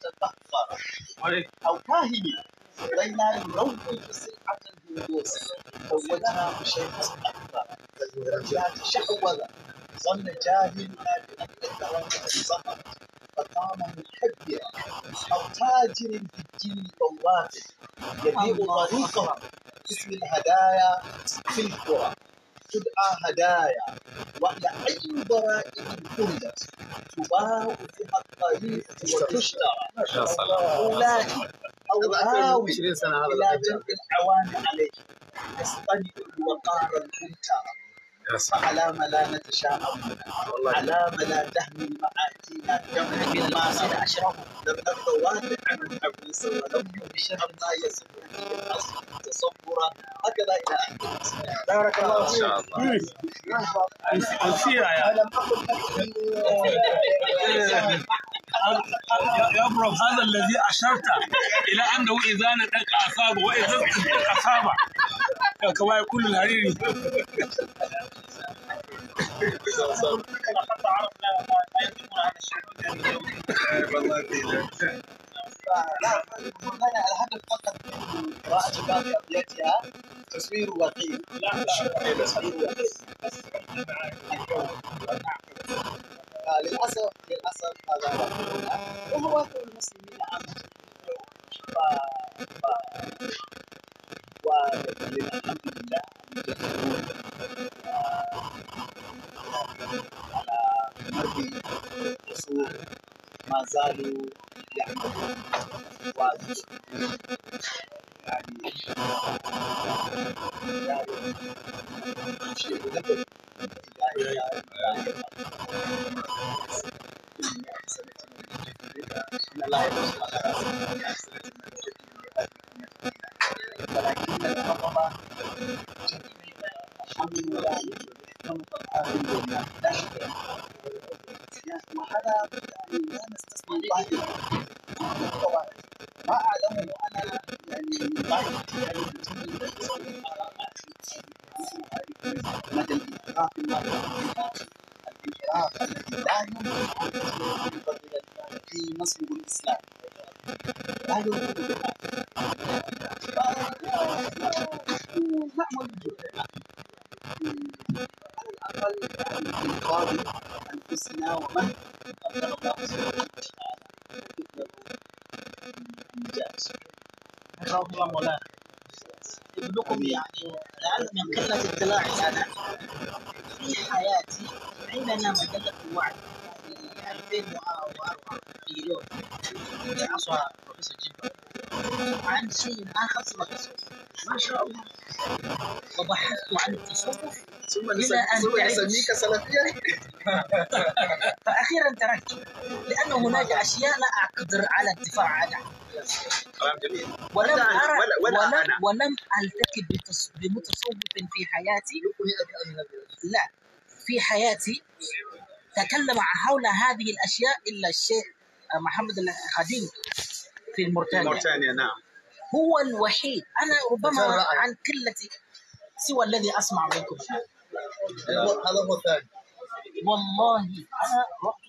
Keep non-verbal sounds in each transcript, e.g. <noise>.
تتبخر أو كاهن بين يروج سلعة الهندوس زوجها بشيء أكبر زوجها تشعوذ ظن جاهلنا بأن يتوقف الزمن فقام محبيا أو تاجر في الدين بواب يبيع طريقه باسم الهدايا في القرى تدعى هدايا وكأي برائد فرزت تباع في الطريق وتشترى يا سلام أولئك أو هاوي إلى جنب العوان عليه يصطنع الوقار المنكر على ما لا نتشاءم على ما لا تهمل مآتينا كما من الماسل أشرف لم نرضى واحد عن الحبس ولم يبشر ما يسمونه الأصل تصورا هكذا الى بارك الله فيك ان شاء الله نسير انا ما قلت هذا الذي اشرت الى انه اذا ندق اصابه واذا ندق اصابه كما يقول الهريري لا تصوير وطني لا مش تصوير وطني بس معك للاسف للاسف هذا وهو كل المسلمين والذين الحمد لله يجتهدون على مرض الرسول ما زالوا يعملون واجب life. المصري يعني، والاسلام هذا هو نامل انفسنا ومن قدر الله سبحانه وتعالى النجاة ما شاء الله مولانا يعني الان من قله اطلاعي انا في حياتي عندنا مجله الوعد 2010 يعني وبروفيسور جيمبر عن شيء الان خمس مدرسة ما شاء الله وبحثت عن التصوف ثم الى ان يسميك سلفيا <laughs> فاخيرا تركت لانه هناك اشياء لا اقدر على الدفاع عنها كلام جميل ولم أرى ولا, ولا ولم, ولم التقي بمتصوف في حياتي لا في حياتي تكلم حول هذه الاشياء الا الشيخ محمد الخديج في موريتانيا موريتانيا نعم هو الوحيد انا ربما عن قلتي سوى الذي اسمع منكم هذا هو الثاني والله انا رحت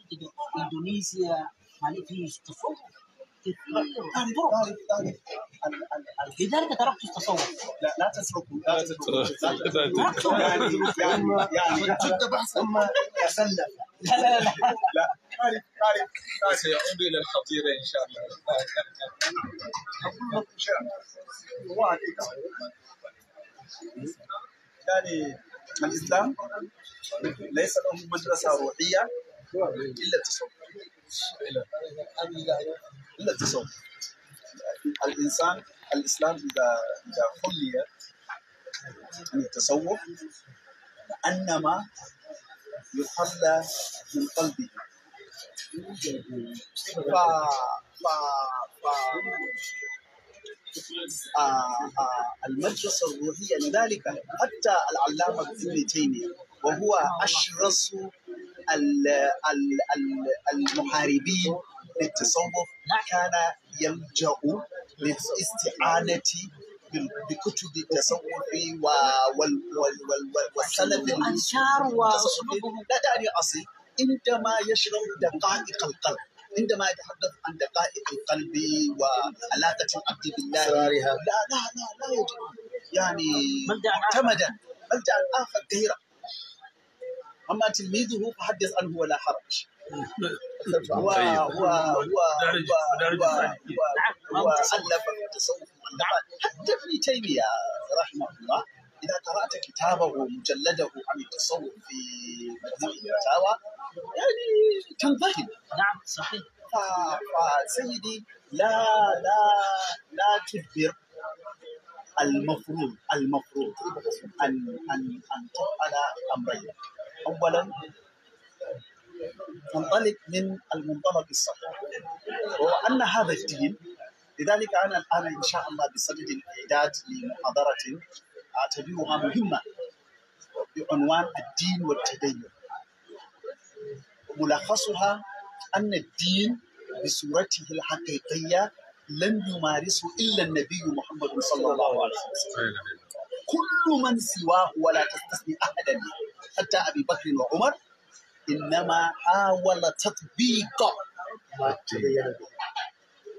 اندونيسيا يعني في تصور كثير لذلك تركت التصور لا لا تتركوا يعني لا تتركوا يعني يعني جد بحث لا لا لا لا لا سيعود الى الخطيره ان شاء الله ان شاء الله يعني الاسلام ليس له مدرسه روحيه الا التصوف الا التصوف الانسان الاسلام اذا اذا خلي من التصوف انما يخلى من قلبه pra, pra, pra, a, a, a madrasar ruhiyar dalika hatta al'allama ibn taymi wa huwa ashrasu al-muharibi للتصوف ما كان يلجأ للاستعانة بكتب التصوف والسلف الأنشار وصلوبه لا عندما يشرب دقائق القلب عندما يتحدث عن دقائق القلب وعلاقة العبد بالله لا لا لا لا يجب يعني معتمدا ملجأ آخر كثيرا أما تلميذه فحدث عنه ولا حرج هو هو هو هو هو هو هو هو هو هو هو إذا قرأت كتابه ومجلده عن التصوف في مجموع الفتاوى يعني تنضحك نعم صحيح فسيدي لا لا لا تدبر المفروض المفروض ان ان ان تفعل امرين اولا تنطلق من المنطلق الصحيح وان هذا الدين لذلك انا الان ان شاء الله بصدد الاعداد لمحاضره تبيوها مهمة بعنوان الدين والتدين ملخصها أن الدين بصورته الحقيقية لم يمارسه إلا النبي محمد صلى الله عليه وسلم كل من سواه ولا تستثني أحدا حتى أبي بكر وعمر إنما حاول تطبيق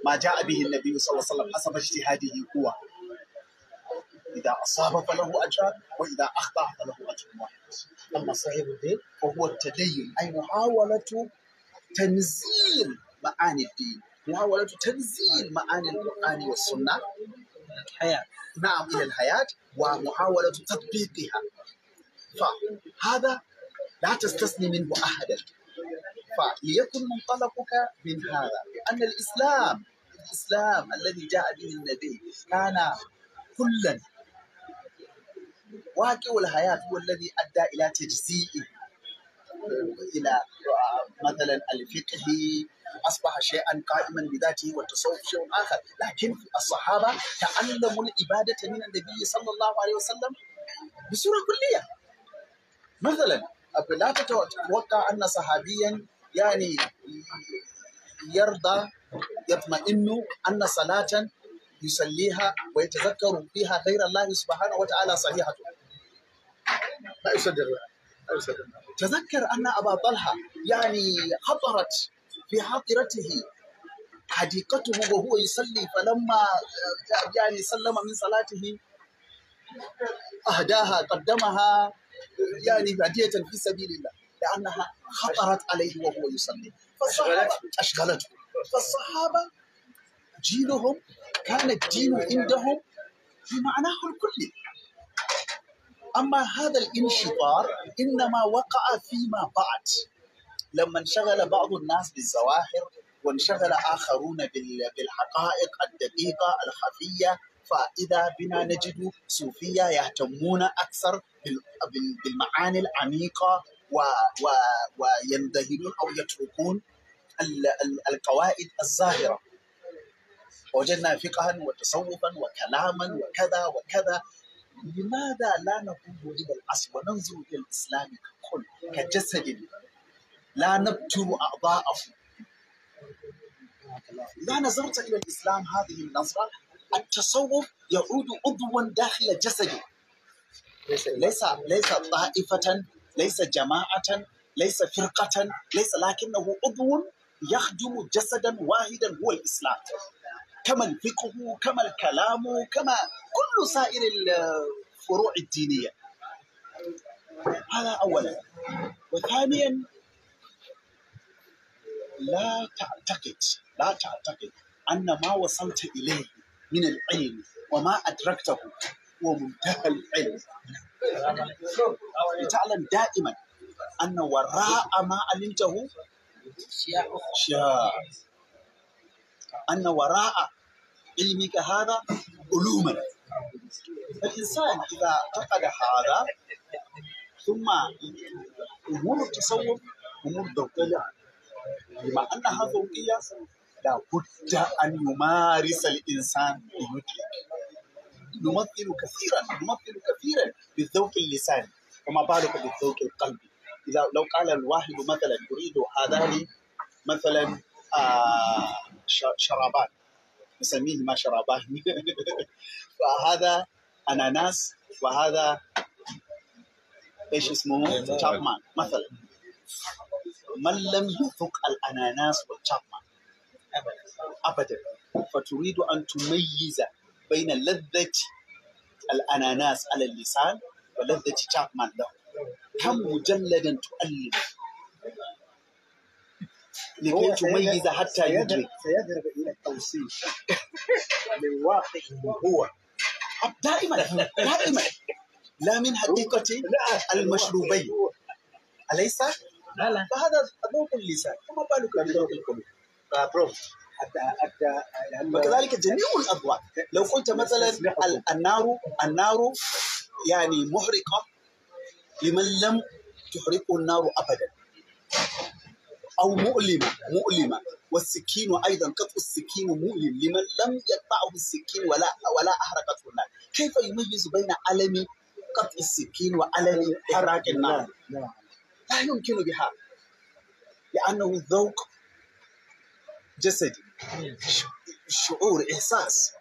ما جاء به النبي صلى الله عليه وسلم حسب اجتهاده هو إذا أصاب فله أجر وإذا أخطأ فله أجر واحد أما صاحب الدين فهو التدين أي محاولة تنزيل معاني الدين محاولة تنزيل معاني القرآن والسنة الحياة نعم إلى الحياة ومحاولة تطبيقها فهذا لا تستثني منه أحدا فليكن منطلقك من هذا أن الإسلام الإسلام الذي جاء به النبي كان كلا waƙi hayat wallazi adda ila tajzi'i ila matsalan alfiqhi asbaha shay'an qa'iman bi dhatihi wa tasawwuf shay'an akhar lakin as-sahaba ta'allamu al-ibadata min an-nabi sallallahu alaihi wasallam bi sura kulliya mathalan la tatawakka anna sahabiyan yani yarda yatma'innu anna salatan يصليها ويتذكر فيها غير الله سبحانه وتعالى صحيحة لا يصدق تذكر أن أبا طلحة يعني خطرت في حاطرته حديقته وهو يصلي فلما يعني سلم من صلاته أهداها قدمها يعني هدية في سبيل الله لأنها خطرت عليه وهو يصلي فالصحابة أشغلته فالصحابة جيلهم كان الدين عندهم في معناه الكلي أما هذا الانشطار إنما وقع فيما بعد لما انشغل بعض الناس بالظواهر وانشغل آخرون بالحقائق الدقيقة الخفية فإذا بنا نجد صوفية يهتمون أكثر بالمعاني العميقة وينذهلون أو يتركون القواعد الظاهرة وجدنا فقها وتصوفا وكلاما وكذا وكذا لماذا لا نقوم إلى الأصل وننظر إلى الإسلام ككل كجسد لا نبتر أعضاءه إذا نظرت إلى الإسلام هذه النظرة التصوف يعود عضوا داخل جسد ليس ليس طائفة ليس جماعة ليس فرقة ليس لكنه عضو يخدم جسدا واحدا هو الإسلام كما الفقه كما الكلام كما كل سائر الفروع الدينية هذا أولا وثانيا لا تعتقد لا تعتقد أن ما وصلت إليه من العلم وما أدركته هو منتهى العلم لتعلم دائما أن وراء ما علمته شيء أن وراء علمك هذا علوما الإنسان إذا اعتقد هذا ثم أمور التصوف أمور ذوقية بما أنها ذوقية لابد أن يمارس الإنسان ليدرك نمثل كثيرا نمثل كثيرا بالذوق اللساني وما بالك بالذوق القلبي إذا لو قال الواحد مثلا أريد هذا مثلا شرابات نسميه ما شرابات فهذا اناناس وهذا ايش اسمه؟ تشابمان مثلا من لم يذق الاناناس والتشابمان ابدا فتريد ان تميز بين لذه الاناناس على اللسان ولذه تشابمان له كم مجلدا تؤلف لكي تميز حتى يدرك سيذهب الى التوصيف <laughs> من واقع هو دائما دائما لا من حقيقه المشروبين اليس؟ لا لا فهذا ذوق اللسان فما بالك بذوق القلوب بروف حتى حتى وكذلك جميع الاضواء لو قلت مثلا النار النار يعني محرقه لمن لم تحرقه النار ابدا أو مؤلمة مؤلمة والسكين أيضا قطع السكين مؤلم لمن لم يقطعه السكين ولا ولا أحرقته النار كيف يميز بين ألم قطع السكين وألم إحراق النار لا يمكن بها لأنه ذوق جسدي شعور إحساس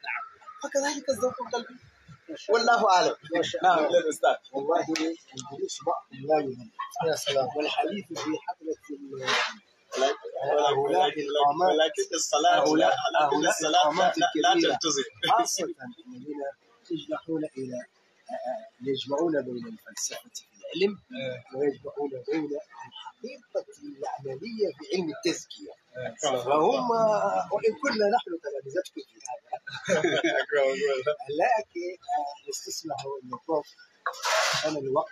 فكذلك الذوق القلبي والله اعلم نعم للاستاذ والله الحديث لا يهم يا سلام والحديث في حفله ولكن ولكن الصلاة لا الصلاة لا تلتزم خاصة الذين يجمعون إلى يجمعون بين الفلسفة في العلم ويجمعون بين الحقيقة العملية في علم التزكية فهم وإن كنا نحن تلامذتكم في هذا لكن استسمحوا أن الخوف الوقت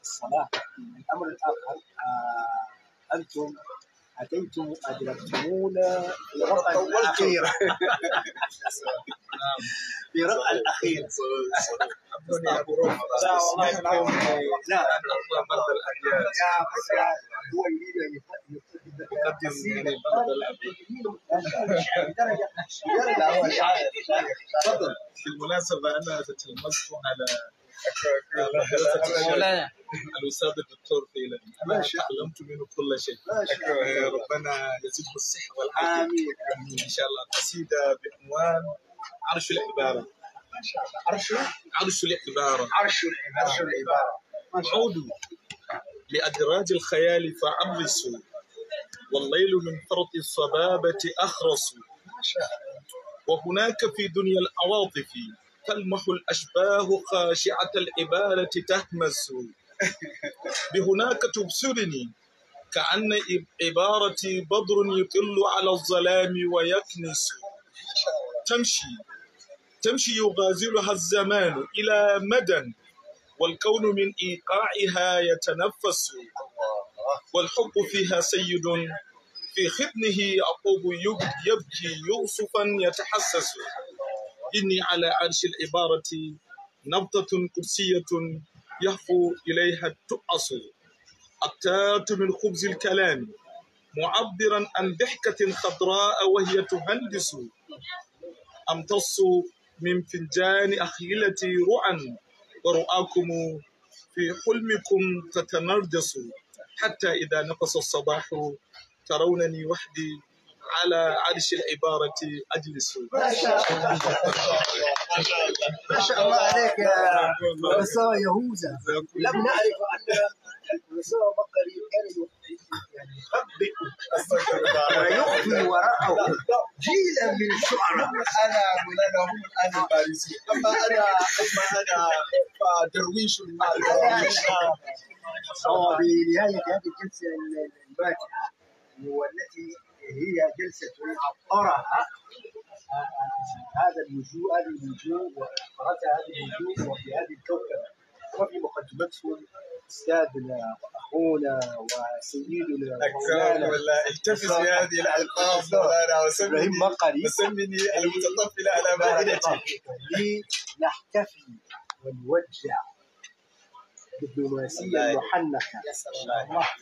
الصلاة الأمر الآخر آه، أنتم اتيتم ادركتمونا في الاخير في رقع الاخير لا والله لا هو يريد لا بعض الابيات لا هو شاعر تفضل بالمناسبه انا تمزت على مولانا الاستاذ الدكتور ما شاء علمت منه كل شيء ربنا يزيده الصحه والعافيه ان شاء الله قصيده بعنوان عرش العباره ما شاء الله عرش عرش العباره عرش عرش العباره عودوا لادراج الخيال فعرسوا والليل من فرط الصبابه اخرسوا وهناك في دنيا العواطف تلمح الأشباه خاشعة الإبالة تهمس بهناك تبصرني كأن عبارتي بدر يطل على الظلام ويكنس تمشي تمشي يغازلها الزمان إلى مدى والكون من إيقاعها يتنفس والحب فيها سيد في خدمه يعقوب يبكي يوسفا يتحسس إني على عرش العبارة نبضة قدسية يهفو إليها التؤص التات من خبز الكلام معبرا عن ضحكة خضراء وهي تهندس أمتص من فنجان أخيلتي رعا ورؤاكم في حلمكم تتنرجس حتى إذا نقص الصباح ترونني وحدي على عرش العبارة أجلس ما شاء الله ما شاء الله عليك يا بروفيسور يهوذا لم نعرف أن البروفيسور بقري كان يخبئ ويخفي وراءه جيلا من الشعراء أنا من هم الآن البارزين أما أنا أما أنا فدرويش مع الدرويش بنهاية هذه الجلسة الباكرة والتي هي جلسة عطرها هذا اللجوء هذه اللجوء وعطرتها هذه اللجوء وفي هذه الكوكبة وفي مقدمته أستاذنا وأخونا وسيدنا أكرم والله التفت بهذه الألقاب مولانا وسمني مقري وسمني المتطفل على مائدتي لنحتفي ونوجع دبلوماسيا محنكه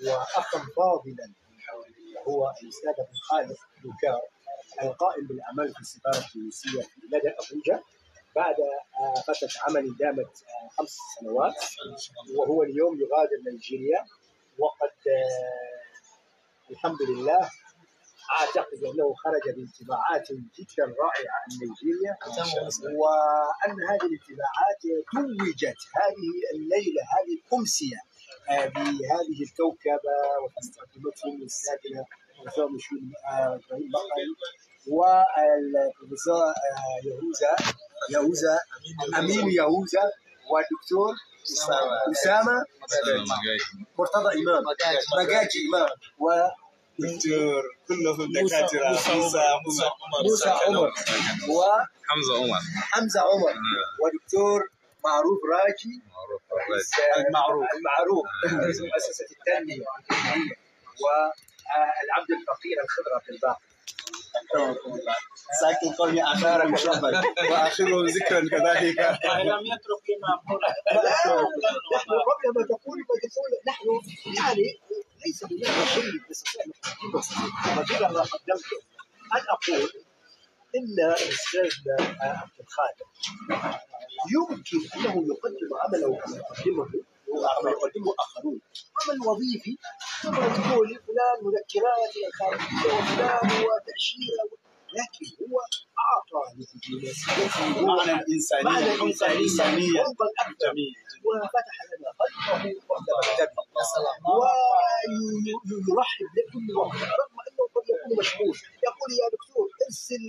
واخا فاضلا هو الاستاذ ابن خالد دوكار القائم بالاعمال في السفاره التونسيه لدى ابوجا بعد آه، فتره عمل دامت آه، خمس سنوات وهو اليوم يغادر نيجيريا وقد آه، الحمد لله اعتقد انه خرج بانطباعات جدا رائعه عن نيجيريا وان هذه الانطباعات توجت هذه الليله هذه الامسيه بهذه الكوكبه واستخداماتهم الساذجه وفهم شو ابراهيم بقري والبروفيسور آه، يهوذا يهوذا امين يهوذا والدكتور اسامه مرتضى امام مجاجي امام و دكتور كلهم دكاتره موسى موسى عمر و حمزه عمر حمزه عمر آه. ودكتور معروف راجي معروف المعروف المعروف مؤسسه التنميه والعبد الفقير الخضرة في الباقي ساكن قومي أخارا مشرفا وآخره ذكرا كذلك لم يترك إمام نحن قبل ما تقول ما تقول نحن يعني ليس هناك شيء فعلا ما قدمته ان أقول إلا الأستاذ عبد الخالق يمكن أنه يقدم عمله كما قدمه وعمل يقدمه آخرون عمل وظيفي كما تقول فلان مذكرات الخارجيه وفلان وتأشيرة لكن هو أعطى لديناسيته معنى الإنسانية الإنسانية عمقا أكثر وفتح لنا قلبه ويرحب لكل وقت رغم الطب يكون مشغول يقول يا دكتور ارسل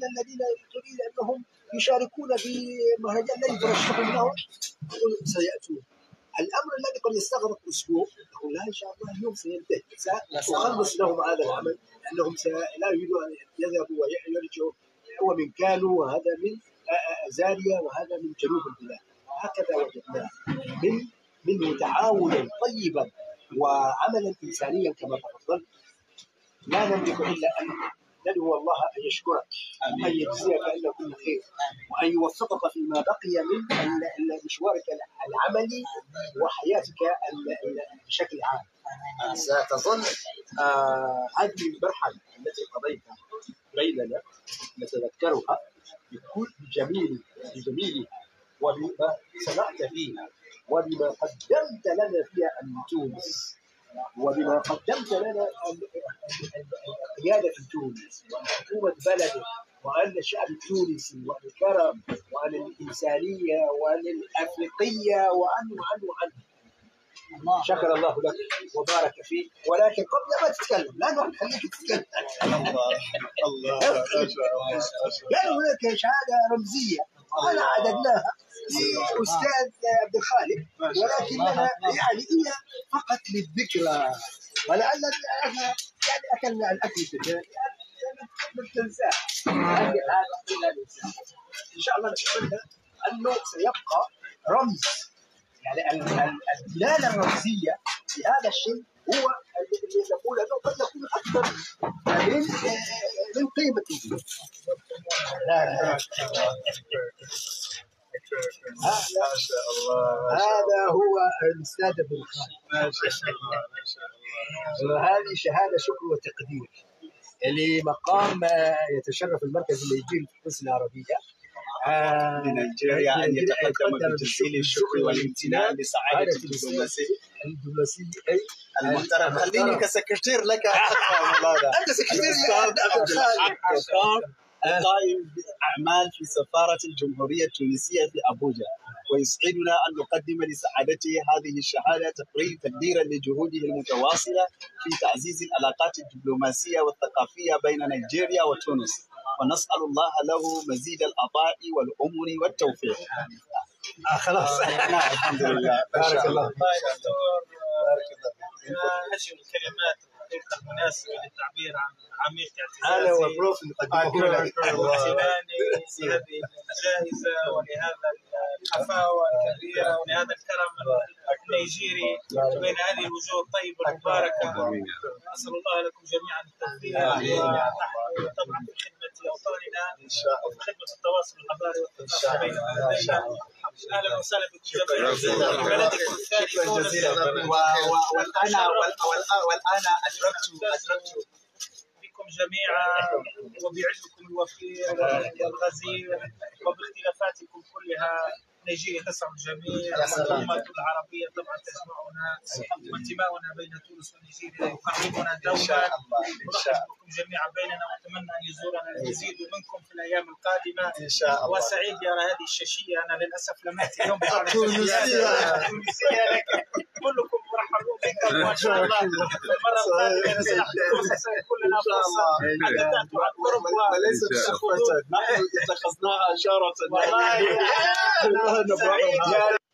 من الذين تريد انهم يشاركون في مهرجان الذي ترشحون له سياتون الامر الذي قد يستغرق اسبوع يقول لا ان شاء الله اليوم سينتهي ساخلص لهم هذا العمل لانهم لا يريدون ان يذهبوا ويرجعوا ومن كانوا وهذا من زاريا وهذا من جنوب البلاد هكذا وجدناه من منه تعاونا طيبا وعملا انسانيا كما تفضلت لا نملك إلا ان ندعو الله أن يشكرك أن يجزيك إلا كل خير وأن يوفقك فيما بقي من مشوارك العملي وحياتك بشكل عام ستظل آه هذه المرحلة التي قضيتها بيننا نتذكرها بكل جميل بجميله وبما صنعت فيها وبما قدمت لنا فيها من تونس وبما قدمت لنا القياده في تونس وحكومه بلدك وعن الشعب التونسي وعن الكرم وعن الإنسانية وعن الأفريقية وعن وعن وعن شكر الله لك وبارك فيك ولكن قبل ما تتكلم لا نروح نخليك تتكلم الله الله لا هناك شهاده رمزيه انا عددناها لاستاذ عبد الخالق ولكننا يعني هي فقط للذكرى ولأن يعني اكلنا الاكل في يعني ما تنساه هذه هذا لا ننساه ان شاء الله نتمنى انه سيبقى رمز يعني الدلاله الرمزيه لهذا الشيء هو الذي نقول انه قد يكون اكثر من من قيمته. ما شاء الله هذا هو السادة بالخالق ما شاء الله ما شاء الله وهذه شهادة شكر وتقدير لمقام آه، يتشرف المركز الليبي للبحوث العربية آه، من الجهة أن يتقدم بتسهيل الشكر والامتنان لسعادة الدبلوماسي الدبلوماسي أي المحترم خليني كسكرتير لك أنت سكرتير عبد الخالق أه. قائم باعمال في سفاره الجمهوريه التونسيه في ابوجا ويسعدنا ان نقدم لسعادته هذه الشهاده تقديرا لجهوده المتواصله في تعزيز العلاقات الدبلوماسيه والثقافيه بين نيجيريا وتونس ونسال الله له مزيد العطاء والامن والتوفيق. آه خلاص آه، نعم، الحمد لله بارك الله بارك الله آه، الكلمات تلك المناسبة للتعبير عن عميق اعتزازي أنا وبروف نقدمه لك لهذه الجائزة ولهذا الحفاوة الكبيرة ولهذا الكرم النيجيري بين هذه الوجوه الطيبة المباركة نسأل الله لكم جميعا التوفيق طبعا في لاوطاننا خدمه التواصل الحضاري والثقافي بين اهلا وسهلا بكم بلدكم والان ادركت ادركت بكم جميعا وبعلمكم الوفير الغزير وباختلافاتكم كلها تجيه قسم الجميع الامه العربية طبعا تجمعنا وانتماؤنا بين تونس ونيجيريا يقربنا دوما ان ونرحب بكم جميعا بيننا ونتمنى أن يزورنا المزيد منكم في الأيام القادمة إن شاء الله وسعيد يرى هذه الشاشية أنا للأسف لم أتي اليوم تونسية لكن كلكم مرحبون بكم وإن شاء الله المرة القادمة نسمح فرصة كلنا فرصة حدثت عن قرب وليس بشخوة اتخذناها جارة والله Sorry,